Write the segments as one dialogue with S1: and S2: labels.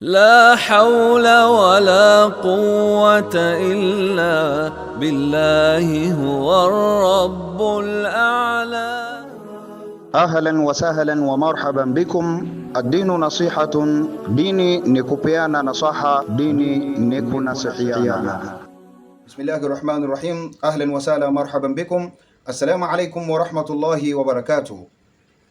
S1: لا حول ولا قوة إلا بالله هو الرب الأعلى
S2: أهلا وسهلا ومرحبا بكم الدين نصيحة ديني نكوبيانا نصحة ديني نصحيانا بسم الله الرحمن الرحيم أهلا وسهلا مرحبا بكم السلام عليكم ورحمة الله وبركاته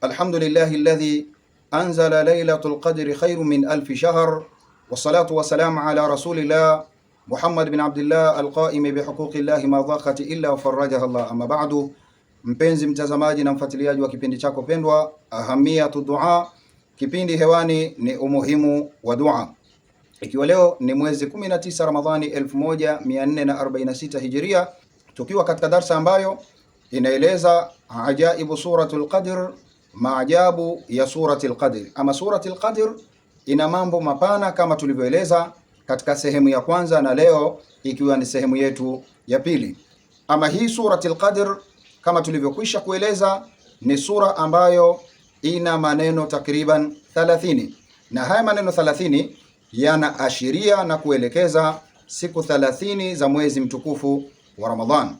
S2: الحمد لله الذي anzala lailatul qadri khairu min alfi shahr wassalatu wassalamu ala rasulillah Muhammad bin Abdullah alqaimi bihuquqillahi ma dhaqat illa farajaha Allah. Amma ba'du, mpenzi mtazamaji na mfuatiliaji wa kipindi chako pendwa ahamiyatu dua, kipindi hewani ni umuhimu wa dua, ikiwa leo ni mwezi 19 Ramadhani 1446 Hijria, tukiwa katika darsa ambayo inaeleza ajaibu suratul Qadr maajabu ya surati al-Qadr. Ama surati al-Qadr ina mambo mapana kama tulivyoeleza katika sehemu ya kwanza, na leo ikiwa ni sehemu yetu ya pili. Ama hii surati al-Qadr kama tulivyokwisha kueleza ni sura ambayo ina maneno takriban 30 na haya maneno 30 yanaashiria na kuelekeza siku 30 za mwezi mtukufu wa Ramadhan.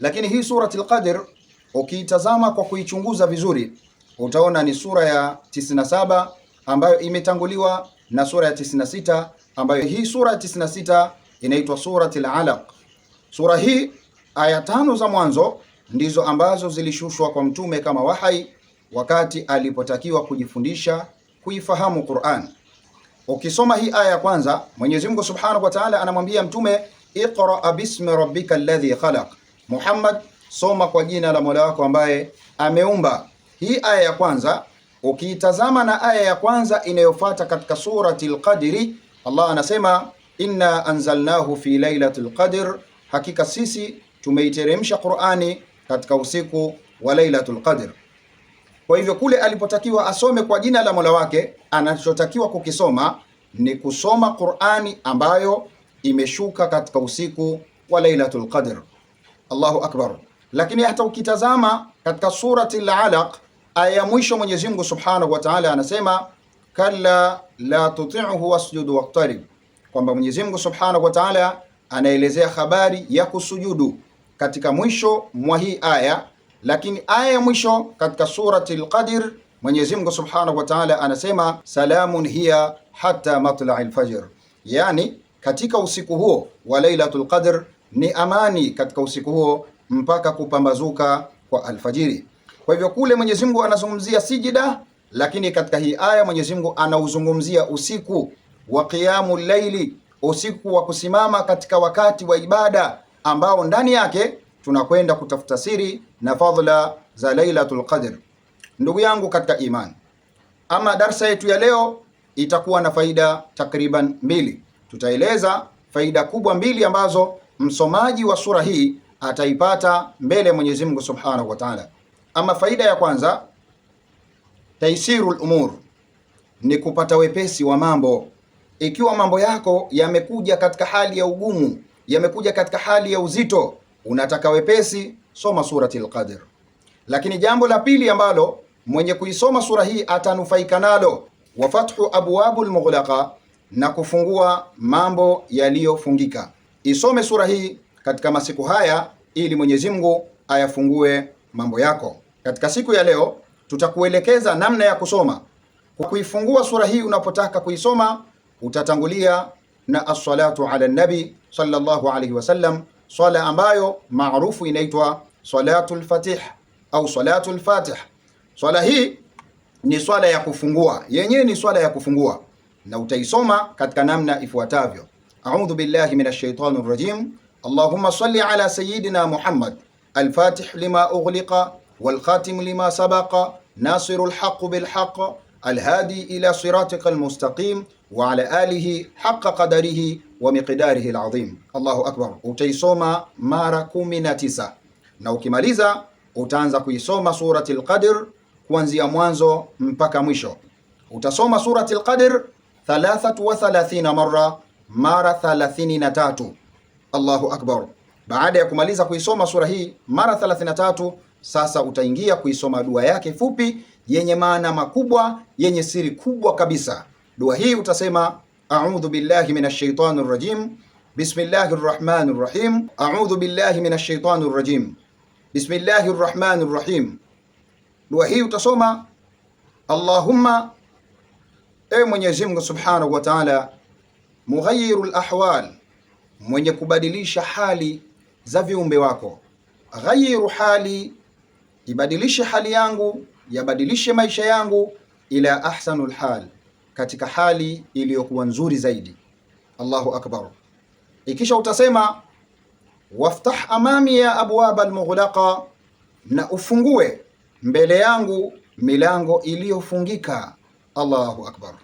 S2: Lakini hii surati al-Qadr Ukiitazama kwa kuichunguza vizuri, utaona ni sura ya 97 ambayo imetanguliwa na sura ya 96 ambayo hii sura ya 96 inaitwa Suratul Alaq. Sura hii aya tano za mwanzo ndizo ambazo zilishushwa kwa mtume kama wahai wakati alipotakiwa kujifundisha kuifahamu Qur'an. Ukisoma hii aya ya kwanza, Mwenyezi Mungu Subhanahu wa Ta'ala anamwambia mtume, iqra bismi rabbika alladhi khalaq. Muhammad Soma kwa jina la Mola wako ambaye ameumba. Hii aya ya kwanza ukiitazama na aya ya kwanza inayofuata katika surati Al-Qadri, Allah anasema inna anzalnahu fi lailatul qadr, hakika sisi tumeiteremsha Qur'ani katika usiku wa lailatul qadr. Kwa hivyo kule alipotakiwa asome kwa jina la Mola wake, anachotakiwa kukisoma ni kusoma Qur'ani ambayo imeshuka katika usiku wa lailatul qadr. Allahu akbar. Lakini hata ukitazama katika surati Al-Alaq aya ya mwisho, Mwenyezi Mungu Subhanahu wa Ta'ala anasema kalla la tuti'hu wasjud waqtarib, kwamba Mwenyezi Mungu Subhanahu wa Ta'ala anaelezea habari ya kusujudu katika mwisho mwa hii aya. Lakini aya ya mwisho katika surati Al-Qadr Mwenyezi Mungu Subhanahu wa Ta'ala anasema salamun hiya hatta matla'il fajr, yani katika usiku huo wa Lailatul Qadr ni amani katika usiku huo mpaka kupambazuka kwa alfajiri. Kwa hivyo kule Mwenyezi Mungu anazungumzia sijida, lakini katika hii aya Mwenyezi Mungu anauzungumzia usiku wa qiyamu laili, usiku wa kusimama katika wakati wa ibada ambao ndani yake tunakwenda kutafuta siri na fadhila za Lailatul Qadr. Ndugu yangu katika imani, ama darsa yetu ya leo itakuwa na faida takriban mbili. Tutaeleza faida kubwa mbili ambazo msomaji wa sura hii ataipata mbele ya Mwenyezi Mungu Subhanahu wa Ta'ala. Ama faida ya kwanza, taisirul umur ni kupata wepesi wa mambo. Ikiwa mambo yako yamekuja katika hali ya ugumu, yamekuja katika hali ya uzito, unataka wepesi, soma suratil Qadr. Lakini jambo la pili ambalo mwenye kuisoma sura hii atanufaika nalo, wa fathu abwabul mughlaqa, na kufungua mambo yaliyofungika. Isome sura hii katika masiku haya ili Mwenyezi Mungu ayafungue mambo yako. Katika siku ya leo tutakuelekeza namna ya kusoma. Kwa kuifungua sura hii unapotaka kuisoma utatangulia na as-salatu ala nabi sallallahu alayhi wasallam, swala ambayo maarufu inaitwa al fatih au al fatih. Swala hii ni swala ya kufungua, yenyewe ni swala ya kufungua na utaisoma katika namna ifuatavyo: a'udhu billahi minash shaitani rrajim اللهم صل على سيدنا محمد الفاتح لما أغلق والخاتم لما سبق ناصر الحق بالحق الهادي إلى صراطك المستقيم وعلى آله حق قدره ومقداره العظيم الله أكبر وتيسوما مارا كومينا تيسا نوكي ماليزا وتانزا كويسوما سورة القدر كوانزيا موانزو مبكا ميشو وتسوما سورة القدر ثلاثة وثلاثين مرة مارا ثلاثين نتاتو Allahu akbar. Baada ya kumaliza kuisoma sura hii mara 33, sasa utaingia kuisoma dua yake fupi yenye maana makubwa yenye siri kubwa kabisa. Dua hii utasema a'udhu billahi minash shaitani rrajim bismillahir rahmanir rahim a'udhu billahi minash shaitani rrajim bismillahir rahmanir rahim. Dua hii utasoma Allahumma, ewe Mwenyezi Mungu subhanahu wa ta'ala, mughayyirul ahwal mwenye kubadilisha hali za viumbe wako. Ghayiru hali, ibadilishe hali yangu, yabadilishe maisha yangu ila ahsanul hal, katika hali iliyokuwa nzuri zaidi. Allahu akbar. Ikisha utasema waftah amami ya abwaba almughlaqa, na ufungue mbele yangu milango iliyofungika. Allahu akbar.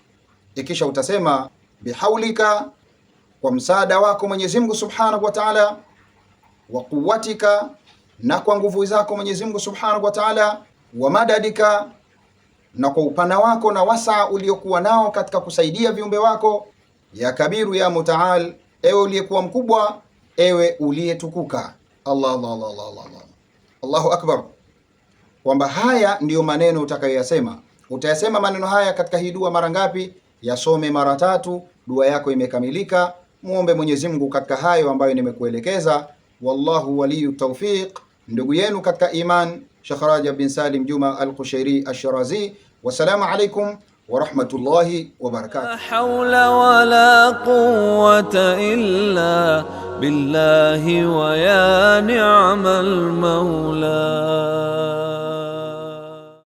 S2: Ikisha utasema bihaulika kwa msaada wako Mwenyezi Mungu Subhanahu wa Ta'ala, wa quwwatika, na kwa nguvu zako Mwenyezi Mungu Subhanahu wa Ta'ala, wa madadika, na kwa upana wako na wasaa uliokuwa nao katika kusaidia viumbe wako, ya kabiru ya mutaal, ewe uliyekuwa mkubwa, ewe uliyetukuka. Allah, Allah, Allah, Allah, Allah. Allahu akbar, kwamba haya ndiyo maneno utakayoyasema. Utayasema maneno haya katika hii dua mara ngapi? Yasome mara tatu, dua yako imekamilika muombe Mwenyezi Mungu katika hayo ambayo nimekuelekeza. Wallahu waliyu tawfiq. Ndugu yenu katika iman Sheikh Rajab bin Salim Juma Al-Qushairi Ash-Shirazi. Wassalamu alaikum warahmatullahi wabarakatuh. La
S1: hawla la quwwata illa billahi wa ya ni'mal maula